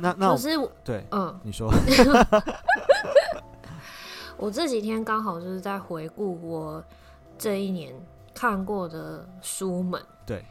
可、就是我對，嗯，你說， 我這幾天剛好就是在回顧我這一年看過的書們，對，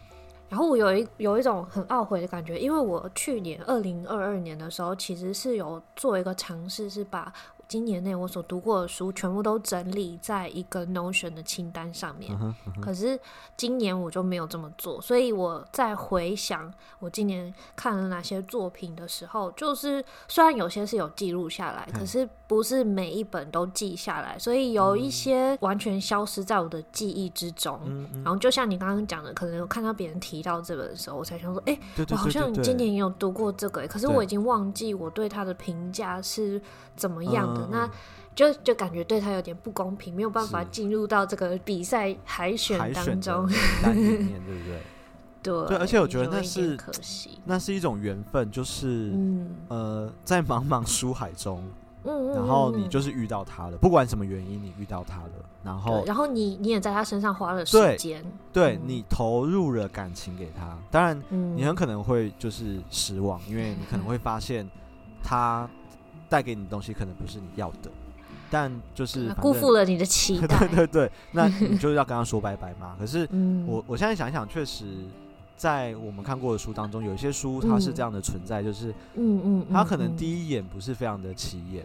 然後我有一有一種很懊悔的感覺，因為我去年二零二二年的時候，其實是有做一個嘗試，是把，今年內我所讀過的書全部都整理在一個 Notion 的清單上面。嗯嗯，可是今年我就沒有這麼做，所以我在回想我今年看了哪些作品的時候，就是雖然有些是有記錄下來，可是不是每一本都記下來，所以有一些完全消失在我的記憶之中。嗯嗯，然後就像你剛剛講的，可能有看到別人提到這本的時候，我才想說，哎、欸，我好像你今年也有讀過這個，欸，可是我已經忘記我對他的評價是怎麼樣。嗯、那就就感覺對他有點不公平，沒有辦法進入到這個比賽海選當中，對不 對？對，而且我覺得那是可惜，那是一種緣分，就是、嗯、呃，在茫茫書海中、嗯，然後你就是遇到他了，嗯、不管什麼原因，你遇到他了，然後然後你你也在他身上花了時間，對，對、嗯、你投入了感情給他，當然你很可能會就是失望，嗯、因為你可能會發現他。帶給你的東西可能不是你要的，但就是他辜負了你的期待。 對對對，那你就是要跟他說拜拜嘛。 可是我我現在想一想，確實在我們看過的書當中，有一些書它是這樣的存在，嗯、就是嗯嗯，它可能第一眼不是非常的起眼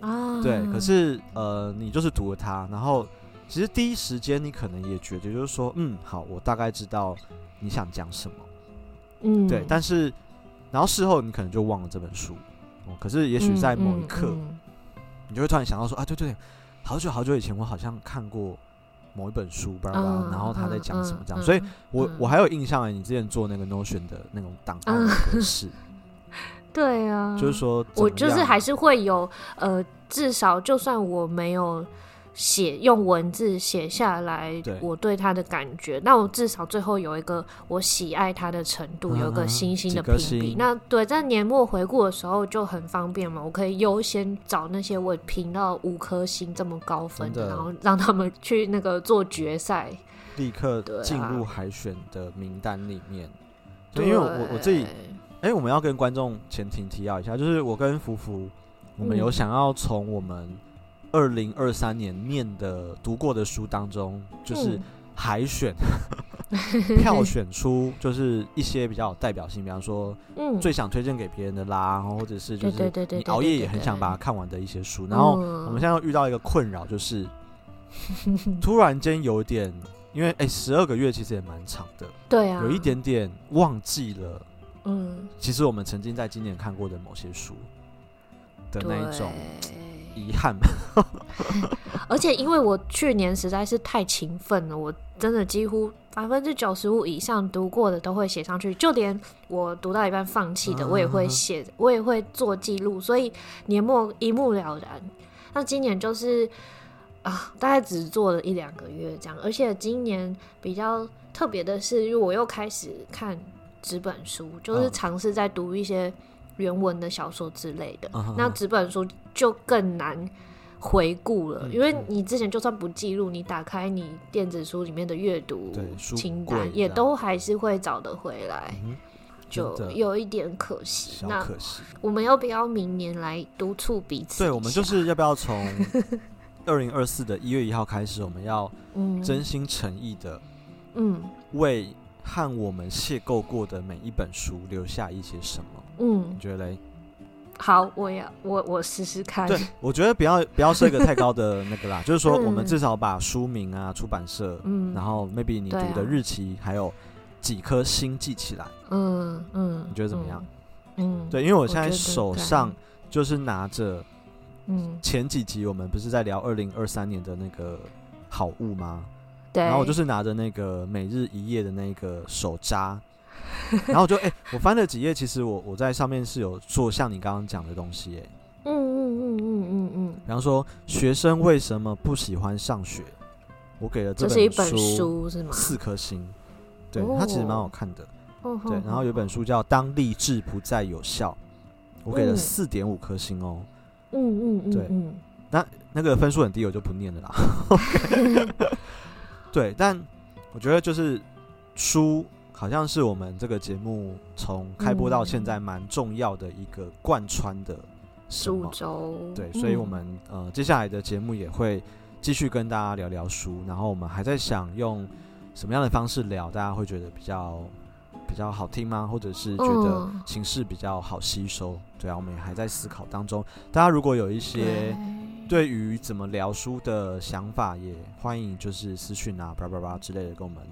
啊、嗯嗯嗯嗯，對。可是呃，你就是讀了它，然後其實第一時間你可能也覺得，就是說嗯，好，我大概知道你想講什麼，嗯，對。但是然後事後你可能就忘了這本書。哦、可是也許在某一刻，你就會突然想到說、嗯嗯嗯、啊，對，對對，好久好久以前我好像看過某一本書巴拉巴拉，不知道，然後他在講什麼這樣，嗯嗯、所以我、嗯、我，我還有印象誒，你之前做那個 Notion 的那種檔案是，嗯嗯、 對啊，就是說我就是還是會有呃，至少就算我沒有。寫用文字寫下來對我對他的感覺，那我至少最後有一個我喜愛他的程度，有一個星星的評比、啊啊。那對，在年末回顧的時候就很方便嘛，我可以優先找那些我評到五顆星這麼高分的，然後讓他們去那個做決賽，立刻進入海選的名單裡面。對、啊、對因為我我自己，哎、欸，我們要跟觀眾前情提要一下，就是我跟芙芙，我們有想要從我們。嗯二零二三年念的讀過的書當中，就是海選、嗯、 票選出，就是一些比較有代表性，比方說、嗯、最想推薦給別人的啦，然後或者是就是你熬夜也很想把它看完的一些書。對對對對然後我們現在又遇到一個困擾，就是、嗯、突然間有點，因為哎，十二個月其實也蠻長的，對啊，有一點點忘記了。嗯，其實我們曾經在今年看過的某些書的那一種。遺憾。 而且因為我去年實在是太勤奮了，我真的幾乎百分之九十五以上讀過的都會寫上去，就連我讀到一半放棄的，uh -huh. 我也會寫，我也會做記錄，所以年末一目了然。那今年就是啊，大概只做了一兩個月這樣，而且今年比較特別的是，因為我又開始看紙本書，就是嘗試在讀一些。原文的小說之類的，uh -huh. 那紙本書就更難回顧了，uh -huh. 因為你之前就算不記錄，你打開你電子書裡面的閱讀清單，也都還是會找得回來，就有一點可惜。那可惜我們要不要明年來督促彼此？對，我們就是要不要從二零二四的一月一號開始， 我們要真心誠意的，嗯，為和我們邂逅過的每一本書留下一些什麼？嗯，你覺得咧？好，我要我我試試看。對，我覺得不要不要設一個太高的那個啦， 就是說我們至少把書名啊、 出版社，嗯，然後 maybe 你讀的日期還有幾顆星記起來。嗯嗯，你覺得怎麼樣？嗯，嗯，對，因為我現在手上就是拿着，嗯，前幾集我們不是在聊二零二三年的那個好物嗎？對，然後我就是拿着那個每日一頁的那個手札。 然後我就哎、欸，我翻了幾頁，其實我我在上面是有做像你剛剛講的東西哎、欸，嗯嗯嗯嗯嗯嗯，然、嗯、後、嗯嗯、說學生為什麼不喜歡上學，我給了這本書這是一本書是嗎？四顆星，對、哦，它其實蠻好看的，哦、對、哦哦。然後有本書叫《哦、當勵志不再有效》嗯，我給了四點五顆星哦、喔，嗯嗯嗯，對，嗯嗯嗯、那那個分數很低，我就不念了啦。 對，但我覺得就是書。好像是我們這個節目從開播到現在蠻重要的一個貫穿的十五周，對，所以我們呃接下來的節目也會繼續跟大家聊聊書，然後我們還在想用什麼樣的方式聊，大家會覺得比較比較好聽嗎？或者是覺得形式比較好吸收？對啊，我們也還在思考當中。大家如果有一些對於怎麼聊書的想法，也歡迎就是私訊啊，叭叭叭之類的跟我們。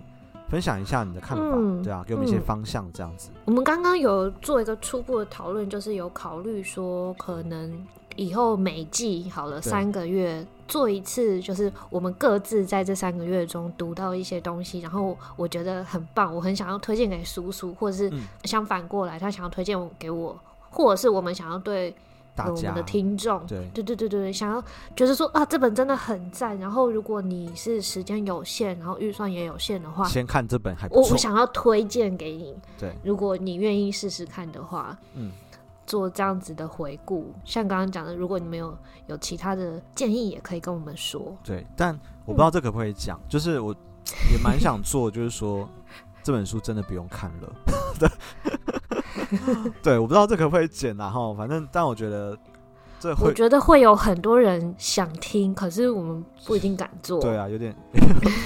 分享一下你的看法。嗯，對啊，給我們一些方向，這樣子。嗯、我們剛剛有做一個初步的討論，就是有考慮說，可能以後每季好了，三個月做一次，就是我們各自在這三個月中讀到一些東西，然後我覺得很棒，我很想要推薦給蘇蘇，或者是相反過來，他想要推薦給我，或者是我們想要對。給、嗯、我們的聽眾，對對對對對，想要覺得說啊，這本真的很讚。然後如果你是時間有限，然後預算也有限的話，先看這本還可以，我想要推薦給你。對，如果你願意試試看的話，嗯，做這樣子的回顧，像剛剛講的，如果你沒有有其他的建議，也可以跟我們說。對，但我不知道這可不可以講、嗯，就是我也蠻想做，就是說 這本書真的不用看了。 對，我不知道這可不可以剪啊？哈，反正，但我覺得這，我覺得會有很多人想聽，可是我們不一定敢做。 對啊，有點有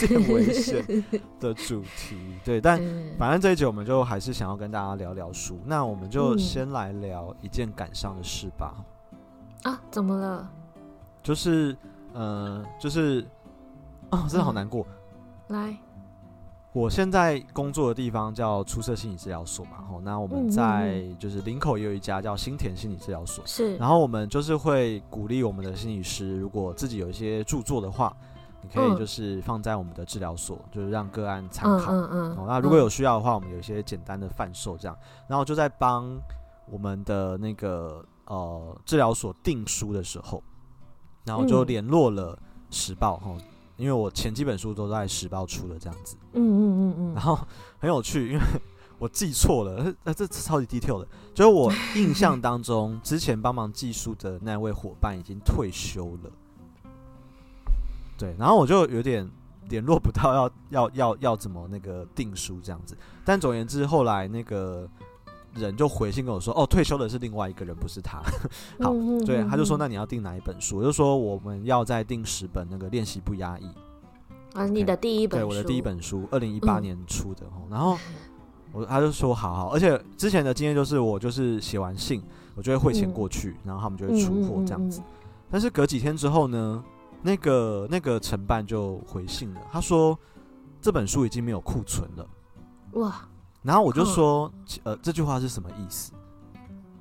點危險的主題。 對，但、嗯、反正這一集我們就還是想要跟大家聊聊書。那我們就先來聊一件感傷的事吧、嗯。啊？怎麼了？就是，呃，就是，哦，真的好難過。嗯、來。我現在工作的地方叫出色心理治療所嘛，吼，那我們在就是林口也有一家叫新田心理治療所，是、嗯嗯嗯。然後我們就是會鼓勵我們的心理師，如果自己有一些著作的話，你可以就是放在我們的治療所、嗯，就是讓個案參考。嗯嗯哦、嗯，那如果有需要的話，我們有一些簡單的販售這樣。然後就在幫我們的那個呃治療所訂書的時候，然後就聯絡了時報哈。嗯因為我前幾本書都在時報出的這樣子，嗯嗯嗯嗯，然後很有趣，因為我記錯了，這超級 detail 的，就是我印象當中之前幫忙寄書的那位夥伴已經退休了，對，然後我就有點聯絡不到，要要要要怎麼那個訂書這樣子，但總言之，後來那個。人就回信跟我說：“哦，退休的是另外一個人，不是他。 好”好、嗯嗯嗯嗯，對，他就說：“那你要訂哪一本書？”我就說：“我們要再訂十本那個《練習不壓抑》啊，okay, 你的第一本書，對，我的第一本書，二零一八年出的。嗯”然後我他就說：“好好。”而且之前的經驗就是，我就是寫完信，我就會匯錢過去、嗯，然後他們就會出貨這樣子嗯嗯嗯嗯。但是隔幾天之後呢，那個那個承辦就回信了，他說這本書已經沒有庫存了。哇！然後我就說，呃，這句話是什麼意思？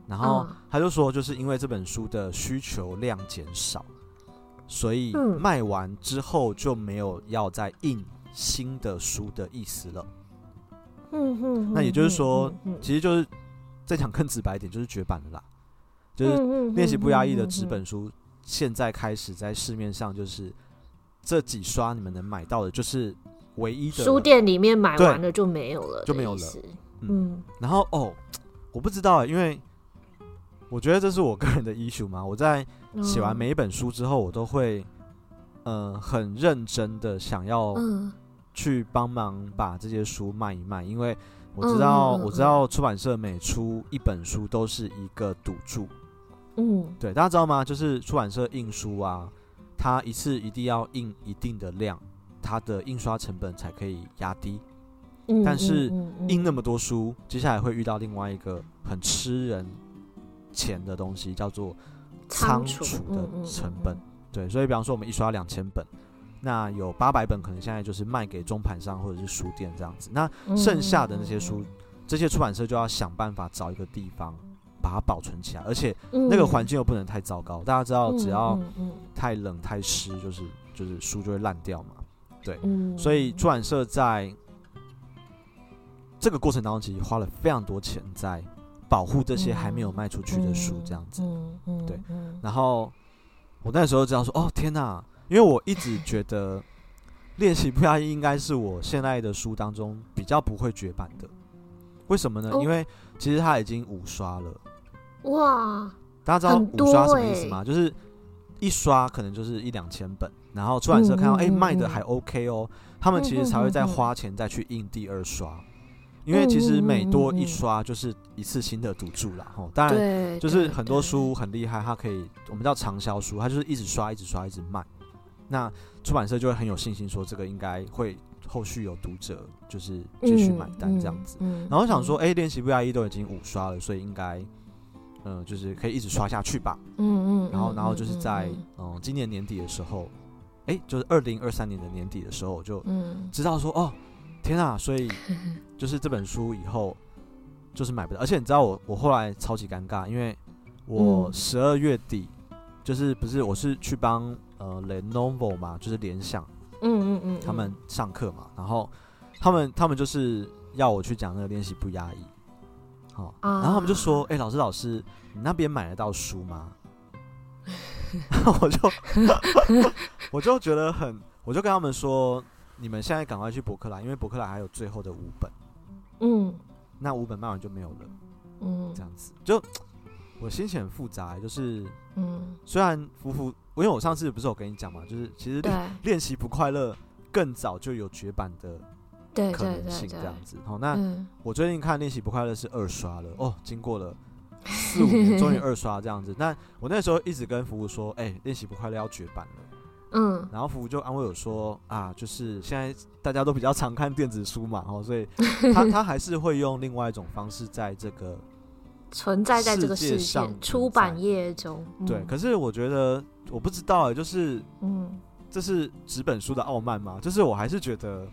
然後他就說，就是因為這本書的需求量減少，所以賣完之後就沒有要再印新的書的意思了。嗯嗯。那也就是說，其實就是再講更直白一點，就是絕版的啦。就是練習不壓抑的紙本書，現在開始在市面上，就是這幾刷你們能買到的，就是。唯一的書店裡面買完了，就沒有了，就沒有了。嗯，嗯，然後哦，我不知道，因為我覺得這是我個人的衣 e 嘛。我在寫完每一本書之後，我都會嗯、呃，很認真的想要去幫忙把這些書賣一賣，因為我知道、嗯、我知道出版社每出一本書都是一個賭注。嗯，對，大家知道嗎？就是出版社印書啊，它一次一定要印一定的量。它的印刷成本才可以壓低，嗯，但是印、嗯嗯嗯、那麼多書，接下來會遇到另外一個很吃人錢的東西，叫做倉儲的成本、嗯嗯。對，所以比方說我們一刷兩千本、嗯嗯，那有八百本可能現在就是賣給中盤商或者是書店這樣子，那剩下的那些書，嗯、這些出版社就要想辦法找一個地方把它保存起來，而且那個環境又不能太糟糕。嗯、大家知道，只要太冷太濕，就是就是書就會爛掉嘛。對、嗯，所以出版社在這個過程當中，其實花了非常多錢在保護這些還沒有賣出去的書，這樣子、嗯嗯嗯嗯。對。然後我那時候知道說，哦天哪，因為我一直覺得練習不壓抑應該是我現在的書當中比較不會絕版的。為什麼呢？哦、因為其實它已經五刷了。哇！大家知道五刷什麼意思嗎、欸？就是一刷可能就是一兩千本。然後出版社看到，哎，賣的還 OK 哦，他們其實才會再花錢再去印第二刷，因為其實每多一刷就是一次新的賭注了哈。當然，就是很多書很厲害，它可以我們叫長銷書，它就是一直刷，一直刷，一直賣。那出版社就會很有信心說，這個應該會後續有讀者，就是繼續買單這樣子。然後我想說，哎，練習不壓抑都已經五刷了，所以應該，嗯，就是可以一直刷下去吧。嗯嗯。然後，然後就是在嗯、呃、今年年底的時候。哎，就是二零二三年的年底的時候，我就知道說、嗯、哦，天啊！所以就是這本書以後就是買不到，而且你知道我我後來超級尷尬，因為我十二月底、嗯、就是不是我是去幫呃 Lenovo 嘛，就是聯想，嗯嗯，嗯，嗯，他們上課嘛，然後他們他們就是要我去講那個練習不壓抑，哦、然後他們就說哎、啊，老師老師，你那邊買得到書嗎？我就 我就覺得很，我就跟他們說，你們現在趕快去博客來，因為博客來還有最後的五本，嗯，那五本賣完就沒有了，嗯，這樣子，就我心情很複雜，就是，嗯，雖然福福，因為我上次不是我跟你講嘛，就是其實練習不快樂更早就有絕版的可能性，這樣子，好，那我最近看練習不快樂是二刷了，哦，經過了。四五年終於二刷這樣子，那 我那時候一直跟芙芙說：“哎、欸，練習不快樂要絕版了。”嗯，然後芙芙就安慰我說：“啊，就是現在大家都比較常看電子書嘛，哦，所以他 他還是會用另外一種方式在這個存在在這個世界，世界上出版業中、嗯。對，可是我覺得我不知道，就是嗯，這是紙本書的傲慢嘛。就是我還是覺得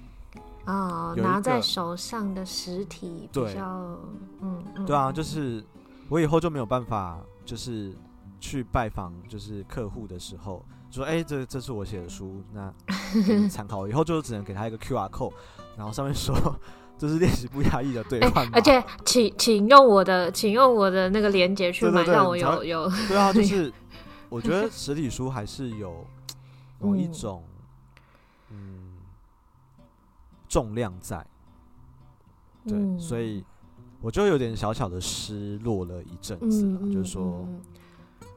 啊、哦，拿在手上的實體比較，嗯，嗯，對啊，就是。我以後就沒有辦法，就是去拜訪，就是客戶的時候，說，哎、欸，這這是我寫的書，那參考。以後就只能給他一個 QR code，然後上面說這是練習不壓抑的對話、欸。而且，請請用我的，請用我的那個鏈接去買。對對對，讓我有有。對啊，就是 我覺得實體書還是有有一種嗯、嗯重量在，對，嗯、所以。我就有點小小的失落了一陣子，就是說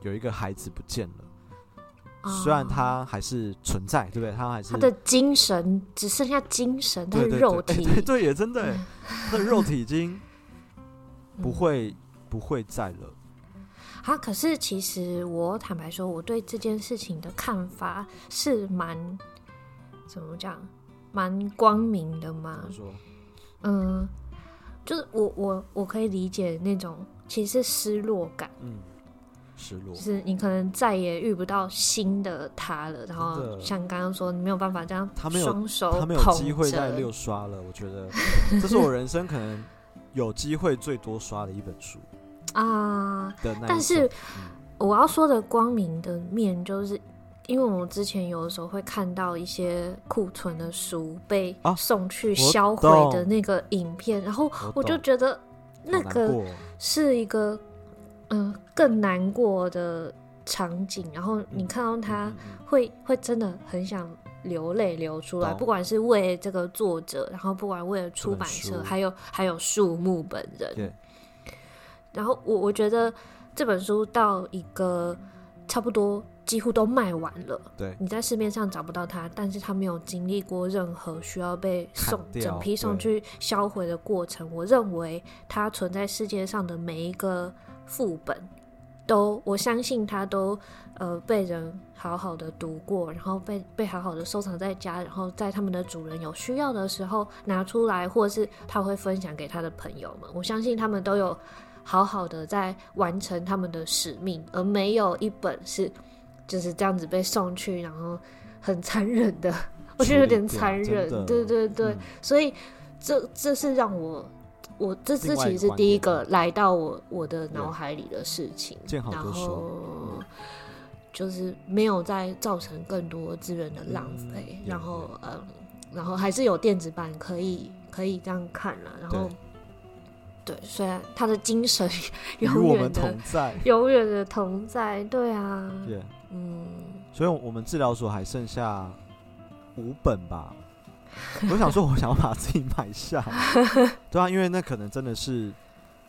有一個孩子不見了，雖然他還是存在，對不對？他還是他的精神只剩下精神，他的肉體，對也、欸、真的，他的肉體已經不會不會在了、啊。他的、嗯嗯嗯嗯嗯啊、可是其實我坦白說，我對這件事情的看法是蠻怎麼講，蠻光明的嘛。嗯。就是我我我可以理解那種其實是失落感，嗯，失落，就是你可能再也遇不到新的他了，然後像剛剛說，你沒有辦法這樣，他沒有雙手，他沒有機會再六刷了。我覺得這是我人生可能有機會最多刷的一本書，一本書 啊，那一本。但是我要說的光明的面就是。因為我們之前有的時候會看到一些庫存的書被、啊、送去銷毀的那個影片，然後我就覺得那個是一個嗯、哦呃、更難過的場景。然後你看到它會、嗯、會會真的很想流淚流出來，不管是為這個作者，然後不管為了出版社，書，還有還有樹木本人。Yeah. 然後我我覺得這本書到一個差不多。幾乎都賣完了，對，你在市面上找不到它，但是它沒有經歷過任何需要被送整批送去銷毀的過程。我認為它存在世界上的每一個副本，都我相信它都呃被人好好的讀過，然後被被好好的收藏在家，然後在他們的主人有需要的時候拿出來，或是他會分享給他的朋友們。我相信他們都有好好的在完成他們的使命，而沒有一本是，就是這樣子被送去，然後很殘忍的， 我覺得有點殘忍對對。對對對，嗯、所以這這是讓我我這次其實是第一個來到我我的腦海裡的事情。Yeah, 然後，就，然後、嗯、就是沒有再造成更多資源的浪費、嗯。然後 yeah, yeah, 嗯，然後還是有電子版可以可以這樣看了。然後對，對，雖然他的精神 永遠的我們同在，永遠的同在，對啊。Yeah. 嗯，所以我們治療所還剩下五本吧？ 我想說，我想要把自己買下。對啊，因為那可能真的是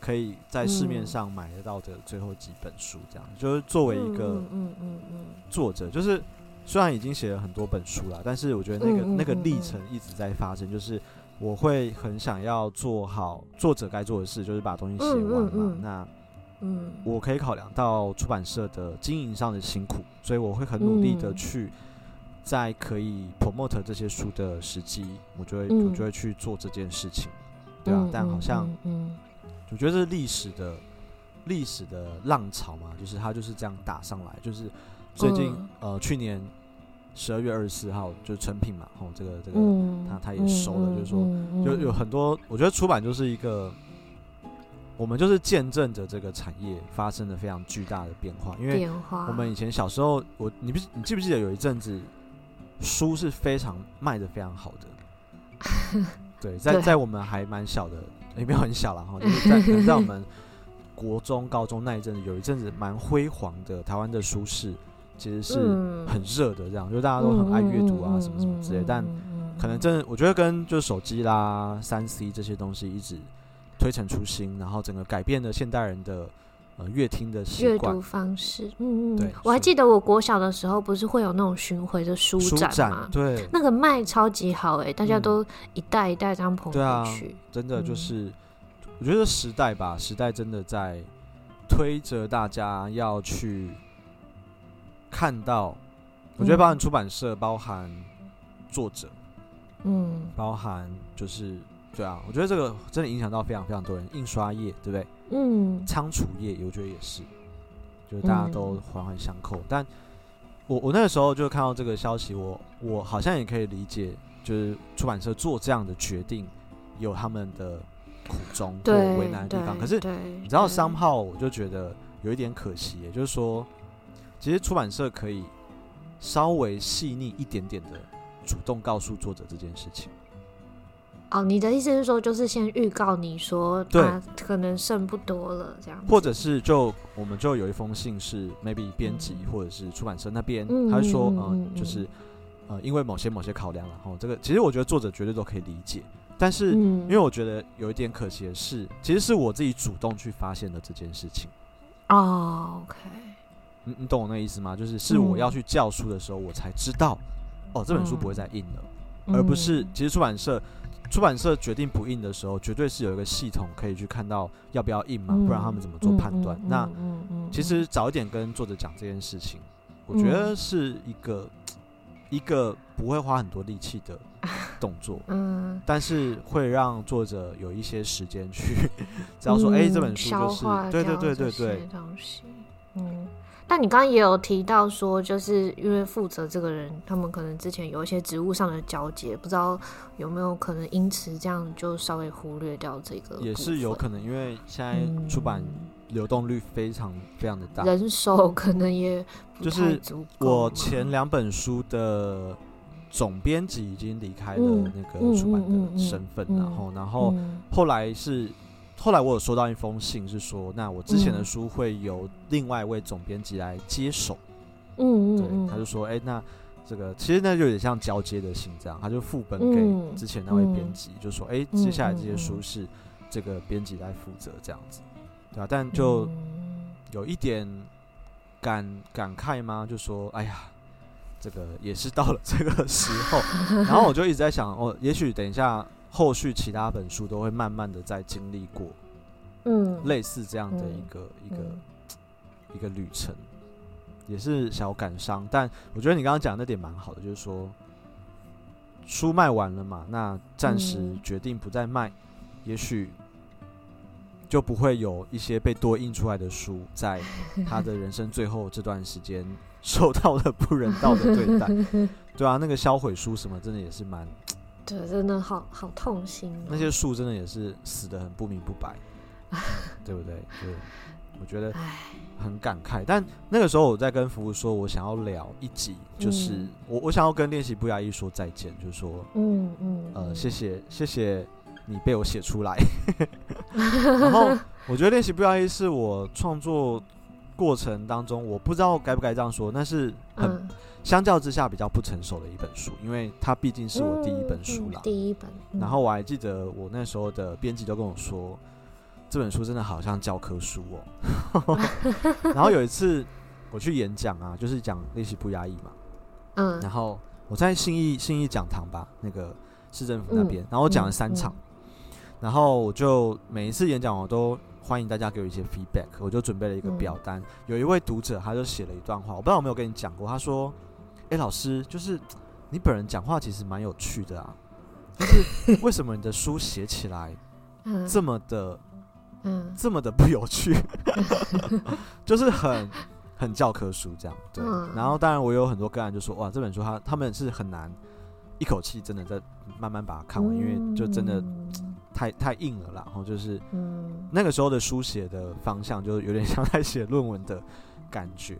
可以在市面上買得到的最後幾本書，這樣就是作為一個作者，就是雖然已經寫了很多本書了，但是我覺得那個那個歷程一直在發生，就是我會很想要做好作者該做的事，就是把東西寫完嘛。那嗯，我可以考量到出版社的經營上的辛苦，所以我會很努力的去在可以 promote 這些書的時機，我就會、嗯、我就會去做這件事情，對啊，嗯、但好像嗯、嗯，我覺得這是歷史的歷史的浪潮嘛，就是他就是這樣打上來，就是最近、嗯、呃去年十二月二十四號就是誠品嘛，吼，這個這個他他、嗯、也收了、嗯，就是說就有很多，我覺得出版就是一個。我們就是見證着這個產業發生了非常巨大的變化，因為我們以前小時候，我你不你記不記得有一陣子書是非常賣得非常好的， 對，在在我們還蠻小的，也、欸、沒有很小了後就是在可能在我們國中、高中那一陣子，有一陣子蠻輝煌的。台灣的書市其實是很熱的，這樣就大家都很愛閱讀啊，什麼什麼之類。但可能真的，我覺得跟就是手機啦、三 C 這些東西一直。推陳出新，然後整個改變了現代人的呃閱聽的閱讀方式。嗯嗯，對，我還記得我國小的時候，不是會有那種巡回的書展嗎？展對，那個賣超級好哎、欸，大家都一代一代這樣捧出去、嗯啊。真的就是、嗯，我覺得時代吧，時代真的在推着大家要去看到。我覺得包含出版社，包含作者，嗯，嗯包含就是。對啊，我覺得這個真的影響到非常非常多人，印刷業，對不對？嗯，倉儲業，我覺得也是，就是大家都環環相扣。嗯、但我我那時候就看到這個消息，我我好像也可以理解，就是出版社做這樣的決定，有他們的苦衷對，或為難的地方。可是，你知道，三號，我就覺得有一點可惜，也就是說，其實出版社可以稍微細膩一點點的主動告訴作者這件事情。哦，你的意思是說，就是先預告你說他，對，可能剩不多了這樣，或者是就我們就有一封信是 maybe 編輯或者是出版社那邊、嗯、他說、呃，嗯，就是呃，因為某些某些考量，然後這個其實我覺得作者絕對都可以理解，但是、嗯、因為我覺得有一點可惜的是，其實是我自己主動去發現的這件事情。哦，OK，你你、嗯、懂我那意思嗎？就是是我要去教書的時候、嗯，我才知道，哦，這本書不會再印了。嗯而不是，其實出版社，出版社決定不印的時候，絕對是有一個系統可以去看到要不要印嘛，嗯、不然他們怎麼做判斷、嗯嗯嗯嗯。那、嗯嗯、其實早一點跟作者講這件事情、嗯，我覺得是一個一個不會花很多力氣的動作、嗯，但是會讓作者有一些時間去，嗯、 只要說，哎、嗯欸，這本書就是，對對對對對，東西，嗯。但你剛剛也有提到說，就是因為負責這個人，他們可能之前有一些職務上的交接，不知道有沒有可能因此這樣就稍微忽略掉這個。也是有可能，因為現在出版流動率非常非常的大，嗯、人手可能也就是我前兩本書的總編輯已經離開了那個出版的身份，嗯嗯嗯嗯嗯嗯、然後然後後來是。後來我有收到一封信，是說那我之前的書會由另外一位總編輯來接手。嗯，對，他就說，哎、欸，那這個其實那就有點像交接的信這樣，他就副本給之前那位編輯、嗯，就說，哎、欸，接下來這些書是這個編輯來負責這樣子，對吧、啊？但就有一點感感慨嗎？就說，哎呀，這個也是到了這個時候， 然後我就一直在想，哦，也許等一下。後續其他本書都會慢慢的再經歷過，嗯，類似這樣的一個一個一個一個旅程，也是小感傷。但我覺得你剛剛講的那點蠻好的，就是說書賣完了嘛，那暫時決定不再賣，也許就不會有一些被多印出來的書，在他的人生最後這段時間受到了不人道的對待。對啊，那個銷毀書什麼，真的也是蠻。真的好好痛心，喔，那些書真的也是死得很不明不白， 嗯、對不對？就我覺得很感慨。但那個時候我在跟芙芙說，我想要聊一集，嗯、就是我我想要跟練習不壓抑說再見，就是、說嗯嗯，呃，謝謝謝謝你被我寫出來， 然後我覺得練習不壓抑是我創作過程當中，我不知道該不該這樣說，但是很。嗯相較之下比較不成熟的一本書，因為它畢竟是我第一本書啦。嗯嗯、第一本、嗯。然後我還記得我那時候的編輯都跟我說、嗯，這本書真的好像教科書哦、喔。 然後有一次我去演講啊，就是講練習不壓抑嘛。嗯。然後我在信義信義講堂吧，那個市政府那邊、嗯，然後我講了三場、嗯嗯嗯。然後我就每一次演講我都歡迎大家給我一些 feedback，我就準備了一個表單。嗯、有一位讀者他就寫了一段話，我不知道有沒有跟你講過，他說。哎、欸，老師，就是你本人講話其實蠻有趣的啊，就是為什麼你的書寫起來這麼的、 嗯，這麼的不有趣， 就是很很教科書這樣。對、嗯，然後當然我有很多個案就說，哇，這本書他他們是很難一口氣真的在慢慢把它看完，嗯、因為就真的太太硬了啦。然後就是、嗯、那個時候的書寫的方向，就有點像在寫論文的感覺。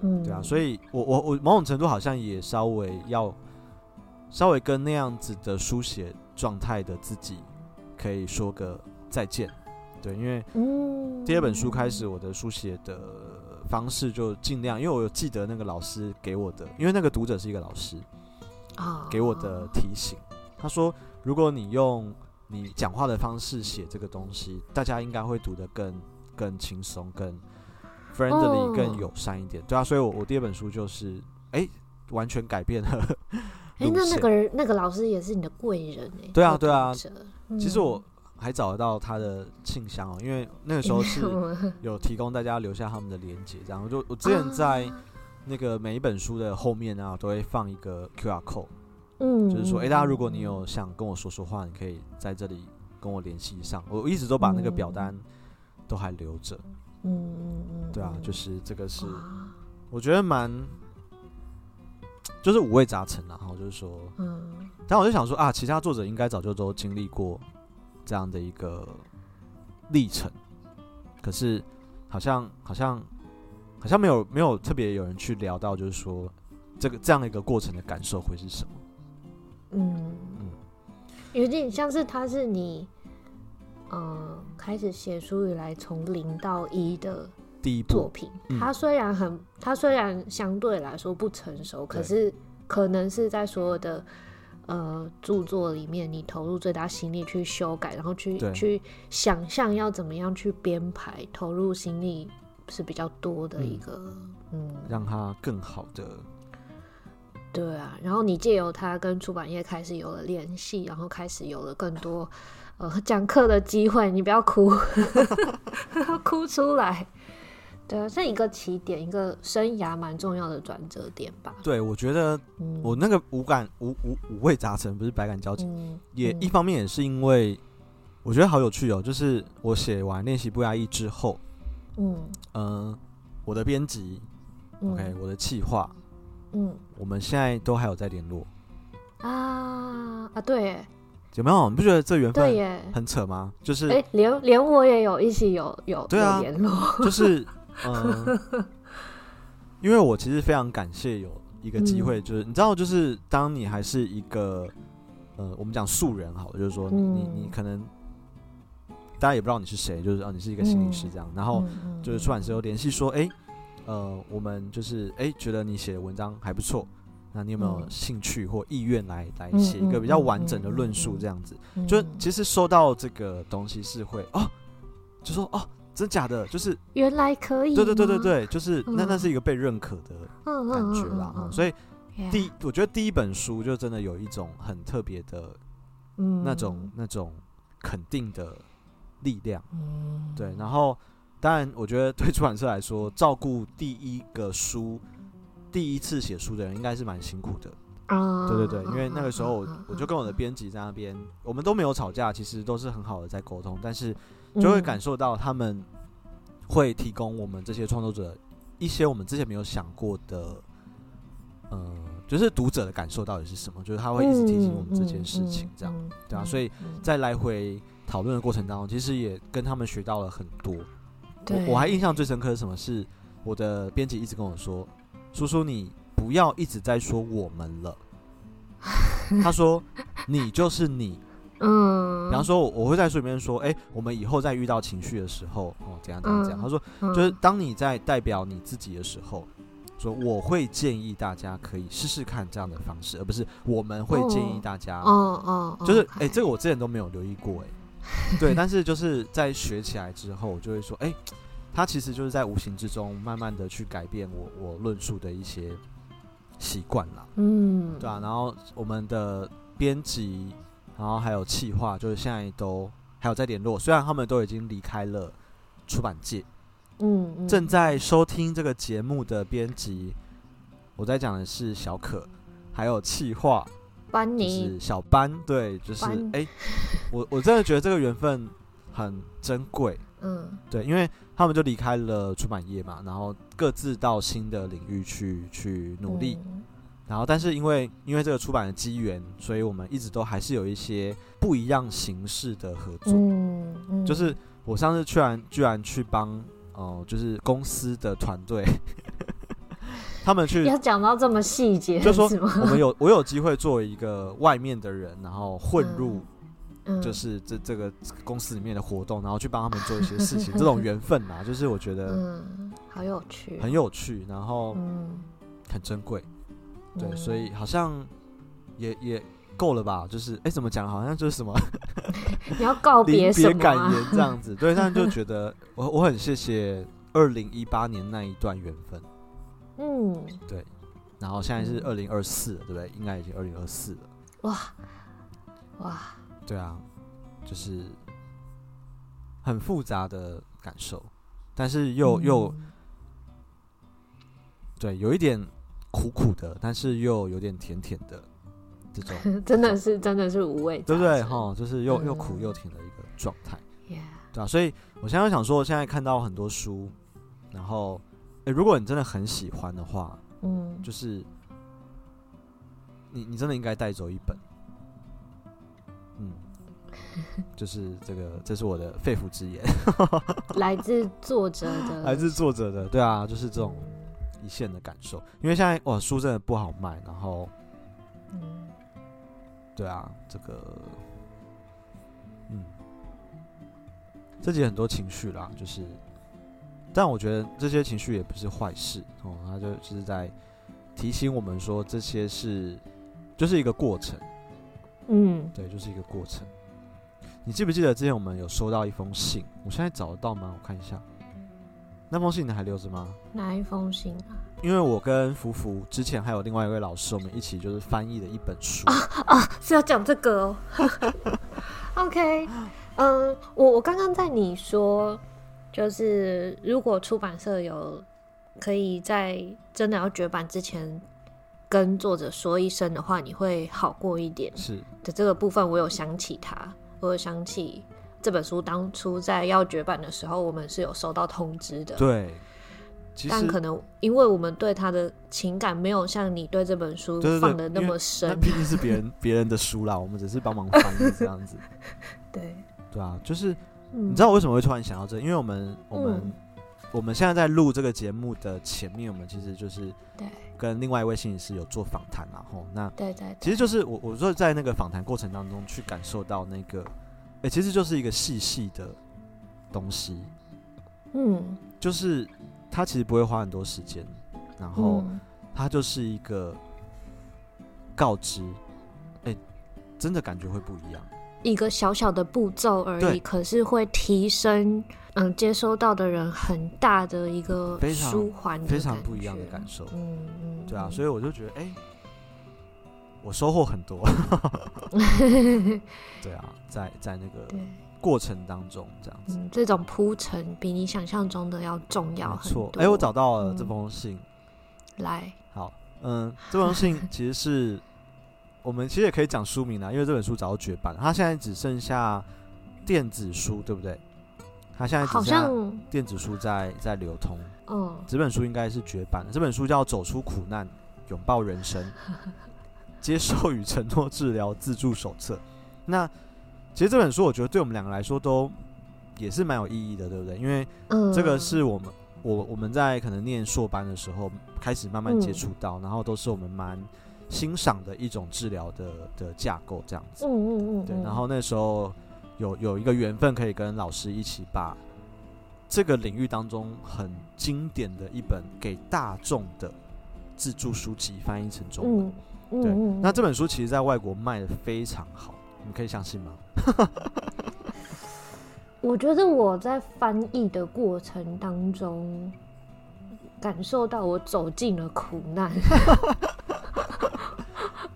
嗯，對啊，所以我我我某種程度好像也稍微要稍微跟那樣子的書寫狀態的自己可以說個再見，對，因為第二本書開始我的書寫的方式就盡量，因為我有記得那個老師給我的，因為那個讀者是一個老師，啊，給我的提醒，他說如果你用你講話的方式寫這個東西，大家應該會讀得更更輕鬆，更 friendly 更友善一點，oh. 對啊，所以我我第二本書就是，哎、欸，完全改變了。哎、欸， 那那個人那個老師也是你的貴人、欸，對啊對啊。其實我還找得到他的信箱哦，因為那個時候是有提供大家留下他們的連接，這樣 然後就我之前在那個每一本書的後面啊，我都會放一個 QR code，嗯，就是說，哎、欸，大家如果你有想跟我說說話，你可以在這裡跟我聯繫一下。我一直都把那個表單都還留着。嗯嗯，對啊，就是這個是，我覺得蠻，就是五味雜陳啊，然後就是說，嗯，但我就想說啊，其他作者應該早就都經歷過這樣的一個歷程，可是好像好像好像沒有沒有特別有人去聊到，就是說這個這樣的一個過程的感受會是什麼？嗯嗯，有點像是他是你。嗯、呃，開始寫書以來，從零到一的第一部作品，它、嗯、雖然很，它雖然相對來說不成熟，可是可能是在所有的呃著作裡面，你投入最大心力去修改，然後去去想象要怎麼樣去編排，投入心力是比較多的一個，嗯，嗯讓它更好的，對啊，然後你借由它跟出版業開始有了聯繫，然後開始有了更多。呃，講課的機會，你不要哭， 哭出來。對，啊，是一個起點，一個生涯蠻重要的轉折點吧。對，我覺得我那個五感五五五味雜陳，不是百感交集，嗯、也、嗯、一方面也是因為我覺得好有趣哦、喔。就是我寫完《練習不壓抑》之後，嗯嗯、呃，我的編輯、嗯、OK，我的企劃，嗯，我們現在都還有在聯絡。啊啊，對、欸。有沒有，你不覺得這緣分很扯嗎？就是哎、欸，連連我也有一起有有對、啊，聯絡就是、呃、 因為我其實非常感謝有一個機會，就是、嗯、你知道，就是當你還是一個呃，我們講素人好了，就是說你、嗯、你，你可能大家也不知道你是誰，就是啊、呃，你是一個心理師這樣，嗯、然後就是出版社有聯繫說，哎、欸，呃，我們就是哎、欸，覺得你寫的文章還不錯。那你有沒有興趣或意願來、嗯、來寫一個比較完整的論述？這樣子，嗯嗯嗯、就其實收到這個東西是會哦，就說哦，真假的，就是原來可以，對對對對對，就是、嗯、那那是一個被認可的感覺啦。嗯嗯嗯嗯嗯嗯嗯、所以、yeah. 第，我覺得第一本書就真的有一種很特別的、嗯，那種那種肯定的力量。嗯、對，然後當然，我覺得對出版社來說，照顧第一個書。第一次寫書的人應該是蠻辛苦的，對對對，因為那個時候我，我就跟我的編輯在那邊，我們都沒有吵架，其實都是很好的在溝通，但是就會感受到他們會提供我們這些創作者一些我們之前沒有想過的，嗯，就是讀者的感受到底是什麼，就是他會一直提醒我們這件事情，這樣對啊，所以在來回討論的過程當中，其實也跟他們學到了很多，我我還印象最深刻的是什麼？是我的編輯一直跟我說。蘇蘇，你不要一直在說我們了。他說：“你就是你。”嗯。比方說，我會在書裡面說：“哎，我們以後再遇到情緒的時候，哦，怎樣怎樣怎樣。”他說：“就是當你在代表你自己的時候，說我會建議大家可以試試看這樣的方式，而不是我們會建議大家。”哦哦。就是哎、欸，這個我之前都沒有留意過哎、欸。對，但是就是在學起來之後，我就會說：“哎。”他其實就是在無形之中，慢慢的去改變我我論述的一些習慣了，嗯，對啊。然後我們的編輯，然後還有企劃，就是現在都還有在聯絡，雖然他們都已經離開了出版界，嗯，嗯，正在收聽這個節目的編輯，我在講的是小可，還有企劃，班尼、就是小班，對，就是哎、欸，我我真的覺得這個緣分很珍貴。嗯，對，因為他們就離開了出版業嘛，然後各自到新的領域去去努力，嗯，然後但是因為因為這個出版的機緣，所以我們一直都還是有一些不一樣形式的合作。嗯，嗯，就是我上次居然居然去幫哦，呃，就是公司的團隊， 他們去要講到這麼細節，就說我們有我有機會做一個外面的人，然後混入，嗯。嗯、就是這這個公司裡面的活動，然後去幫他們做一些事情， 這種緣分吶，啊，就是我覺得，嗯，好有趣，很有趣，然後，很珍貴，嗯，對，所以好像也也夠了吧？就是哎，欸，怎麼講？好像就是什麼， 你要告別什麼，啊？臨別感言這樣子，對，但是就覺得我我很謝謝二零一八年那一段緣分，嗯，對，然後現在是二零二四，對，嗯，不對？應該已經二零二四了，哇，哇。對啊，就是很複雜的感受，但是又、嗯、又對，有一點苦苦的，但是又有點甜甜的這種， 真的是真的是無味，對不對？哈、哦，就是又、嗯、又苦又甜的一個狀態，yeah. 對啊，所以我現在想說，現在看到很多書，然後，誒，如果你真的很喜歡的話，嗯，就是你你真的應該帶走一本。 就是這個，這是我的肺腑之言， 來自作者的， 來自作者的，對啊，就是這種一線的感受。因為現在哦，書真的不好賣，然後，嗯，對啊，這個，嗯，自己很多情緒啦，就是，但我覺得這些情緒也不是壞事哦，他就就是在提醒我們說，這些是就是一個過程，嗯，對，就是一個過程。你記不記得之前我們有收到一封信？我現在找得到嗎？我看一下，那封信你還留着嗎？哪一封信啊？因為我跟芙芙之前還有另外一位老師，我們一起就是翻譯的一本書。啊，啊，是要講這個哦。 OK，嗯、呃，我我剛剛在你說，就是如果出版社有可以在真的要絕版之前跟作者說一聲的話，你會好過一點，是的，這個部分，我有想起他。我會想起這本書當初在要絕版的時候，我們是有收到通知的。對，但可能因為我們對他的情感沒有像你對這本書放得那麼深。啊對對對，畢竟是別人 別人的書啦，我們只是幫忙翻譯這樣子。 對，對啊，就是、嗯、你知道我為什麼會突然想到這，因為我們、嗯、我們。我們現在在錄這個節目的前面，我們其實就是跟另外一位心理師有做訪談，然後那對對，其實就是我我說在那個訪談過程當中去感受到那個，哎，欸，其實就是一個細細的東西，嗯，就是他其實不會花很多時間，然後他就是一個告知，欸，真的感覺會不一樣，一個小小的步驟而已，可是會提升。嗯，接收到的人很大的一個舒緩，非常不一樣的感受。嗯，對啊，所以我就覺得，哎、欸，我收穫很多。 對啊，在在那個過程當中，這樣子，嗯、這種鋪陳比你想象中的要重要很多。哎、欸，我找到了這封信。來、嗯，好，嗯，這封信其實是 我們其實也可以講書名啊，因為這本書早就絕版了，它現在只剩下電子書，對不對？他現在好像電子書在在流通，嗯，這本書應該是絕版的。這本書叫《走出苦難，擁抱人生： 接受與承諾治療自助手冊》那，那其實這本書我覺得對我們兩個來說都也是蠻有意義的，對不對？因為這個是我們、嗯、我我們在可能念碩班的時候開始慢慢接觸到，嗯、然後都是我們蠻欣賞的一種治療的的架構這樣子。嗯嗯嗯。對，然後那時候。有有一個緣分，可以跟老師一起把這個領域當中很經典的一本給大眾的自助書籍翻譯成中文。嗯、對嗯嗯，那這本書其實在外國賣得非常好，你可以相信嗎？ 我覺得我在翻譯的過程當中，感受到我走進了苦難。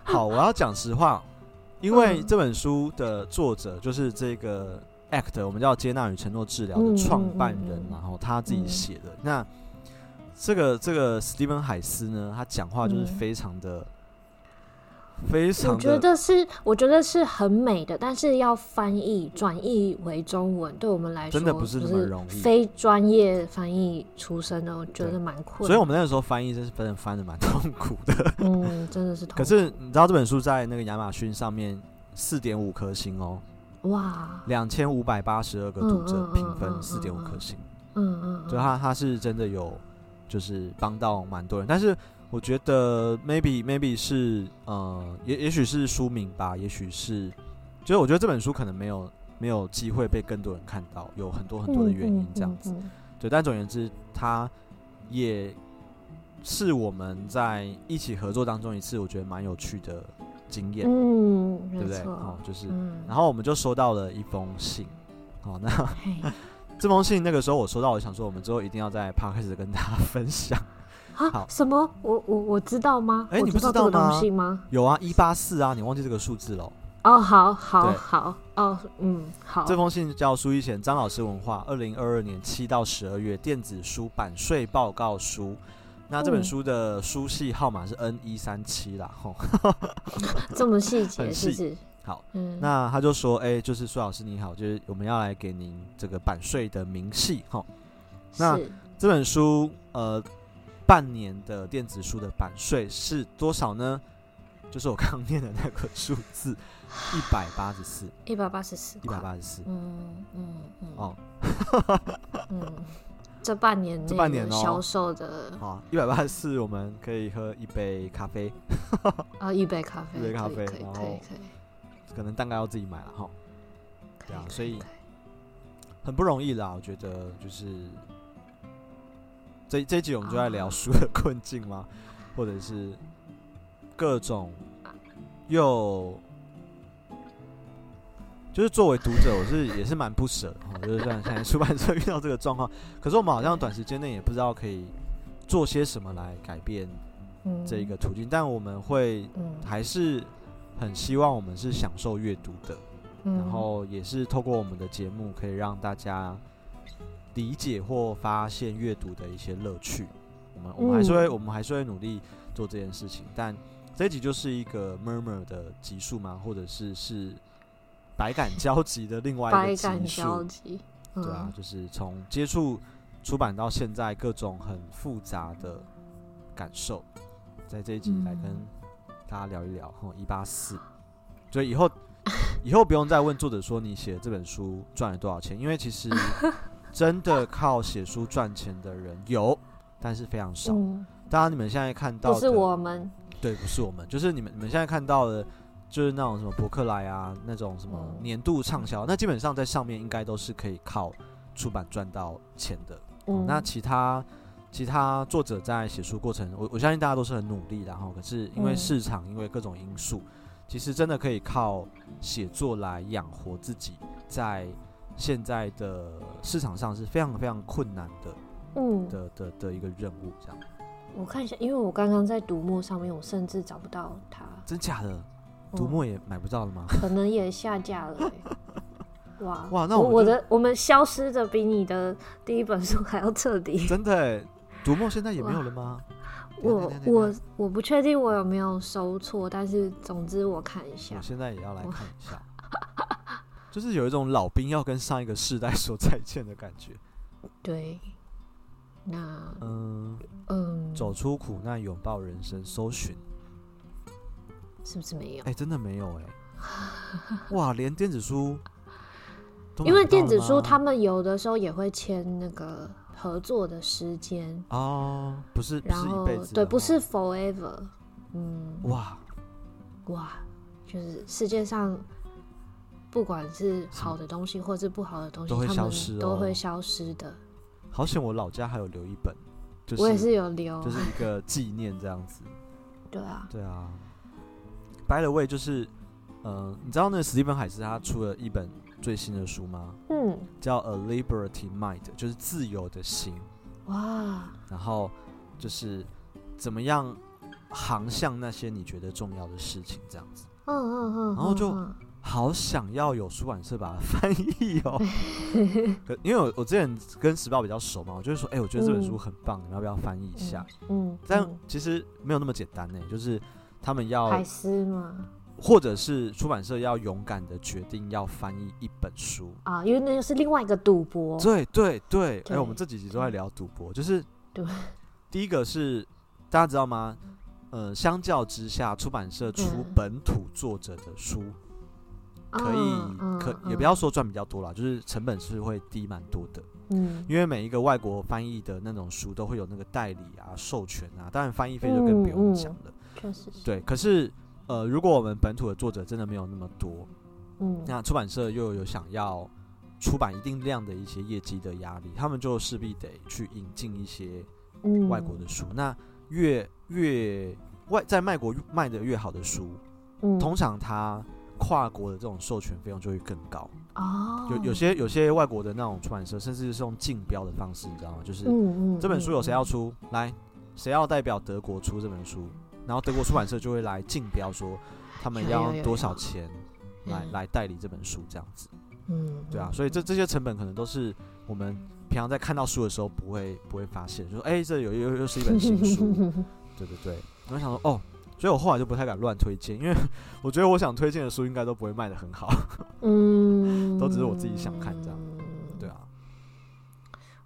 好，我要講實話。因為這本書的作者就是這個 ACT，我們叫接納與承諾治療的創辦人，嗯，然後他自己寫的。嗯、那這個這個 Steven 海斯呢，他講話就是非常的。嗯非常我覺得是，我覺得是很美的，但是要翻譯轉譯為中文，對我們來說真的不是那麼容易。就是、非專業翻譯出身的，我覺得蠻困的。所以我們那個時候翻譯真是真的翻的蠻痛苦的。嗯，真的是痛苦。可是你知道這本書在那個亞馬遜上面四點五顆星哦、喔，哇，兩千五百八十二個讀者評分四點五顆星。嗯嗯，嗯，嗯，嗯，嗯，就他他是真的有，就是幫到蠻多人，但是。我覺得 maybe maybe 是，呃，也也許是書名吧，也許是，就是我覺得這本書可能沒有沒有機會被更多人看到，有很多很多的原因這樣子，嗯嗯嗯嗯，對，但總而言之，它也是我們在一起合作當中一次我覺得蠻有趣的經驗，嗯，對不對？哦、嗯嗯，就是、嗯，然後我們就收到了一封信，哦、嗯，那這封信那個時候我收到，我想說我們之後一定要在 Podcast 跟大家分享。啊、什麼？我我我知道嗎？哎、欸，你不知道這個東西嗎？有啊，一八四啊，你忘記這個數字了？哦，oh, 好，好，好，哦、oh,，嗯，好。這封信叫蘇一賢，張老師文化，二零二二年七到十二月電子書版稅報告書。那這本書的書系號碼是 N 一三七啦。哈、嗯，這麼細節，是是。好，嗯。那他就說，哎、欸，就是蘇老師你好，就是我們要來給您這個版稅的明細哈。那是這本書，呃。半年的電子書的版稅是多少呢？就是我剛剛念的那個數字，一百八十四，一百八十四，一百八十四。嗯嗯，嗯哦，嗯，這半年，半年銷售的，哦、好、啊，一百八十四，我們可以喝一杯咖啡，啊，一杯咖啡，一杯咖啡，可以，可以，然後可以，可以，可能蛋糕要自己買了哈。對、哦、啊，所以很不容易啦，我覺得就是。這這集我們就在聊書的困境嗎？Uh -huh. 或者是各種又就是作為讀者，我是也是蠻不舍的，嗯。就是像現在出版社遇到這個狀況，可是我們好像短時間內也不知道可以做些什麼來改變這一個途徑。Mm -hmm. 但我們會還是很希望我們是享受閱讀的，mm -hmm. 然後也是透過我們的節目可以讓大家。理解或發現閱讀的一些樂趣，我們我們還是會、嗯、我們還是會努力做這件事情。但這集就是一個 murmur 的集數嗎？或者是是百感交集的另外一個集數、嗯，對啊，就是從接觸出版到現在各種很複雜的感受，在這一集來跟大家聊一聊。哈、嗯，一八四，所以以後以後不用再問作者說，你寫這本書賺了多少錢？因為其實。嗯真的靠寫書賺錢的人、啊、有，但是非常少。當、嗯、然，你們現在看到的不是我們，對，不是我們，就是你們。你們現在看到的，就是那種什麼博客來啊，那種什麼年度暢銷、嗯，那基本上在上面應該都是可以靠出版賺到錢的。嗯嗯、那其他其他作者在寫書過程，我我相信大家都是很努力的，然後可是因為市場、嗯，因為各種因素，其實真的可以靠寫作來養活自己，在。現在的市場上是非常非常困難的，嗯，的的的、的一個任務，這樣。我看一下，因為我剛剛在讀墨上面，我甚至找不到它。真假的、哦，讀墨也買不到了嗎？可能也下架了、欸， 哇哇，那我、我、我的我們消失的比你的第一本書還要徹底，真的、欸，讀墨現在也沒有了嗎？ 我我我不確定我有沒有收錯，但是總之我看一下，我現在也要來看一下。 就是有一種老兵要跟上一個世代說再見的感覺。對，那嗯嗯，走出苦難，擁抱人生，搜尋，是不是沒有？哎、欸，真的沒有哎、欸。 哇，連電子書 ，因為電子書他們有的時候也會簽那個合作的時間哦。不是，然後不是一輩子、哦、對，不是 forever，嗯，哇哇，就是世界上。不管是好的東西，或者是不好的東西，嗯、都會消失，哦、都會消失的。好險，我老家還有留一本。就是，我也是有留，啊，就是一個紀念這樣子。 對啊。對啊。By the way，就是，嗯、呃，你知道那個史蒂芬海斯他出了一本最新的書嗎？嗯。叫《A Liberty Mind》，就是自由的心。哇。然後就是怎麼樣航向那些你覺得重要的事情這樣子。嗯嗯嗯。然後就。 好想要有出版社把它翻譯哦！ 可因為我我之前跟時報比較熟嘛，我就會說，哎、欸，我覺得這本書很棒，嗯、你要不要翻譯一下嗯？嗯，但其實沒有那麼簡單呢，就是他們要還是嗎？或者是出版社要勇敢的決定要翻譯一本書啊？因為那又是另外一個賭博。對對對，對！哎對，我們這幾集都在聊賭博，就是對第一個是大家知道嗎？呃，相較之下，出版社出本土作者的書。嗯可以，啊、可、啊、也不要說賺比較多了，啊，就是成本是會低蠻多的，嗯。因為每一個外國翻譯的那種書都會有那個代理啊、授權啊，當然翻譯費就更不用講了，嗯嗯。對。可是，呃，如果我們本土的作者真的沒有那麼多，嗯，那出版社又有想要出版一定量的一些業績的壓力，他們就勢必得去引進一些外國的書。嗯，那越越外在外國賣的越好的書，嗯，通常它。跨國的這種授權費用就會更高哦。有有些有些外國的那種出版社，甚至是用競標的方式，你知道嗎？就是這本書有誰要出來，誰要代表德國出這本書，然後德國出版社就會來競標，說他們要多少錢來來代理這本書這樣子。嗯，對啊，所以這這些成本可能都是我們平常在看到書的時候不會不會發現，就是說誒、欸，這又又又是一本新書。對對對，我想說哦。所以，我後來就不太敢亂推薦，因為我覺得我想推薦的書應該都不會賣得很好，嗯，都只是我自己想看這樣，對啊，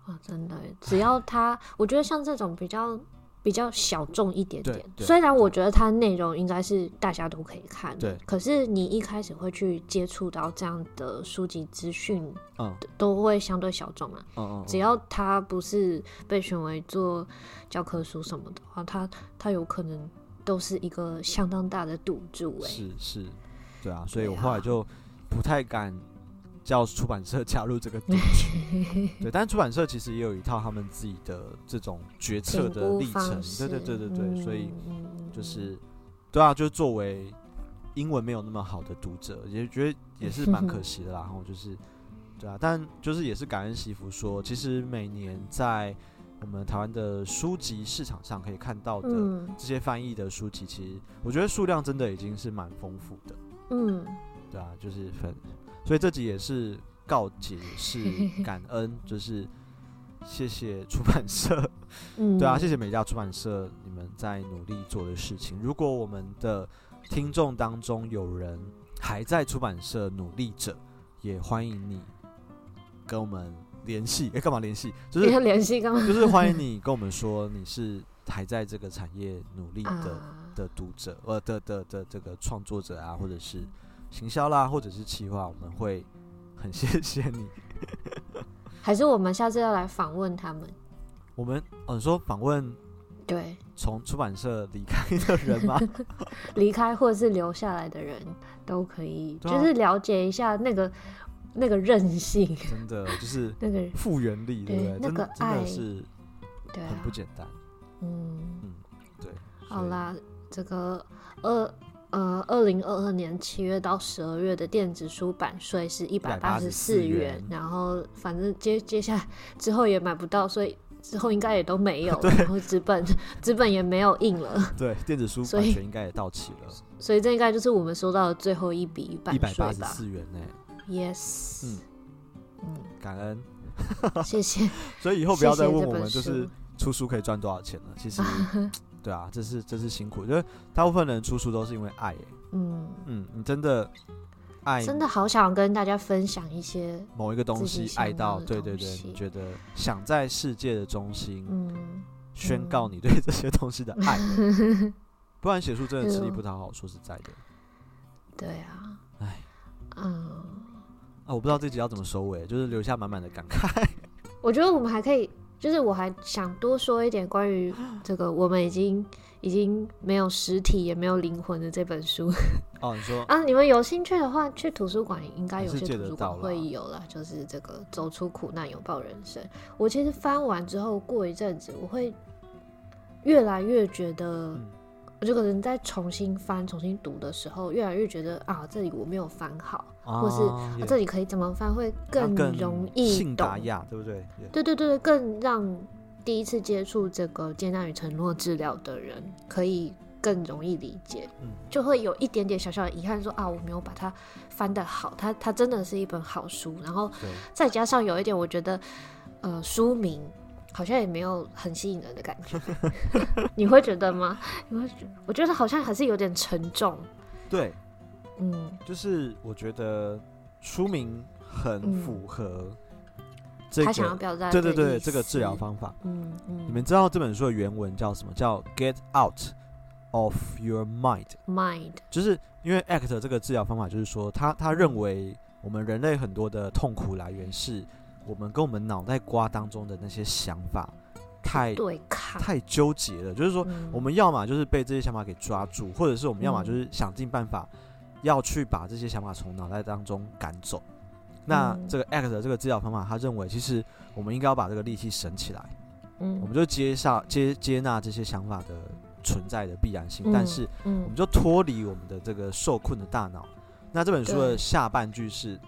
啊，真的，只要它， 我覺得像這種比較比較小眾一點點，雖然我覺得它的內容應該是大家都可以看，對，可是你一開始會去接觸到這樣的書籍資訊，嗯，都會相對小眾啊，嗯，嗯，嗯，只要它不是被選為做教科書什麼的話，它它有可能。都是一個相當大的賭注哎、欸，是是，對啊，所以我後來就不太敢叫出版社加入這個賭注。 對，但是出版社其實也有一套他們自己的這種決策的歷程，對對對對對，嗯、所以就是對啊，就是作為英文沒有那麼好的讀者，也覺得也是蠻可惜的啦，然、嗯、後就是對啊，但就是也是感恩惜福說，其實每年在。我們台灣的書籍市場上可以看到的這些翻譯的書籍，嗯，其實我覺得數量真的已經是蠻豐富的。嗯，對啊，就是很，所以這集也是告解，是感恩， 就是謝謝出版社。嗯，對啊，謝謝每一家出版社你們在努力做的事情。如果我們的聽眾當中有人還在出版社努力着，也歡迎你跟我們。聯繫哎，欸、幹嘛聯繫？就是聯繫幹嘛？就是歡迎你跟我們說你是還在這個產業努力的、啊、的讀者，呃，的的的、的這個創作者啊，或者是行銷啦，或者是企劃，我們會很謝謝你。還是我們下次要來訪問他們？我們哦，你說訪問？對，從出版社離開的人嗎？離 開或者是留下來的人都可以，啊、就是了解一下那個。那個韌性 真、就是， 真的就是那個復原力。對，那個愛是是很不簡單。啊、簡單嗯嗯，對。好啦，這個二呃、二零二二年七月到十二月的電子書版稅是一百八十四元， 然後反正接接下來之後也買不到，所以之後應該也都沒有了 然後紙本紙 本也沒有印了，對電子書版稅應該也到期了所。所以這應該就是我們收到的最後一筆版稅吧？一百八十四元、欸，呢？Yes 嗯。嗯，感恩、嗯呵呵，謝謝。所以以後不要再問我們，就是出書可以賺多少錢了謝謝。其實，對啊，這是這是辛苦，因 為、就是、大部分人出書都是因為愛。嗯嗯，你真的愛，真的好想跟大家分享一些某一個東西，愛到對對對，你覺得想在世界的中心、嗯、宣告你對這些東西的愛、嗯，不然寫書真的吃力不討好。 說實在的，嗯、對啊，哎，嗯。啊、哦，我不知道這集要怎麼收尾，欸，就是留下滿滿的感慨。我覺得我們還可以，就是我還想多說一點關於這個我們已經已經沒有實體也沒有靈魂的這本書。哦，你說啊，你們有興趣的話，去圖書館應該有些圖書館會有了，就是這個《走出苦難，擁抱人生》。我其實翻完之後，過一陣子我會越來越覺得，我就可能在重新翻，重新讀的時候，越來越覺得啊，這裡我沒有翻好。或是、oh, yeah. 啊、這裡可以怎麼翻會更容易懂呀，對不對？對對對對，更讓第一次接觸這個接納與承諾治療的人可以更容易理解、嗯，就會有一點點小小的遺憾說，說啊，我沒有把它翻得好，它它真的是一本好書。然後再加上有一點，我覺得呃書名好像也沒有很吸引人的感覺， 你會覺得嗎？你會覺得我覺得好像還是有點沉重。對。嗯，就是我覺得書名很符合、嗯、這個，對對對，對，這個治療方法嗯。嗯，你們知道這本書的原文叫什麼？叫 “Get Out of Your Mind”。Mind，就是因為 ACT 這個治療方法，就是說他他認為我們人類很多的痛苦來源是我們跟我們腦袋瓜當中的那些想法太對太糾結了，就是說我們要麼就是被這些想法給抓住，或者是我們要麼就是想盡辦法、嗯。要去把這些想法從腦袋當中趕走、嗯，那這個 ACT 的這個治療方法，他認為其實我們應該要把這個力氣省起來，嗯，我們就接下接接納這些想法的存在的必然性，嗯、但是，我們就脫離我們的這個受困的大腦、嗯。那這本書的下半句是，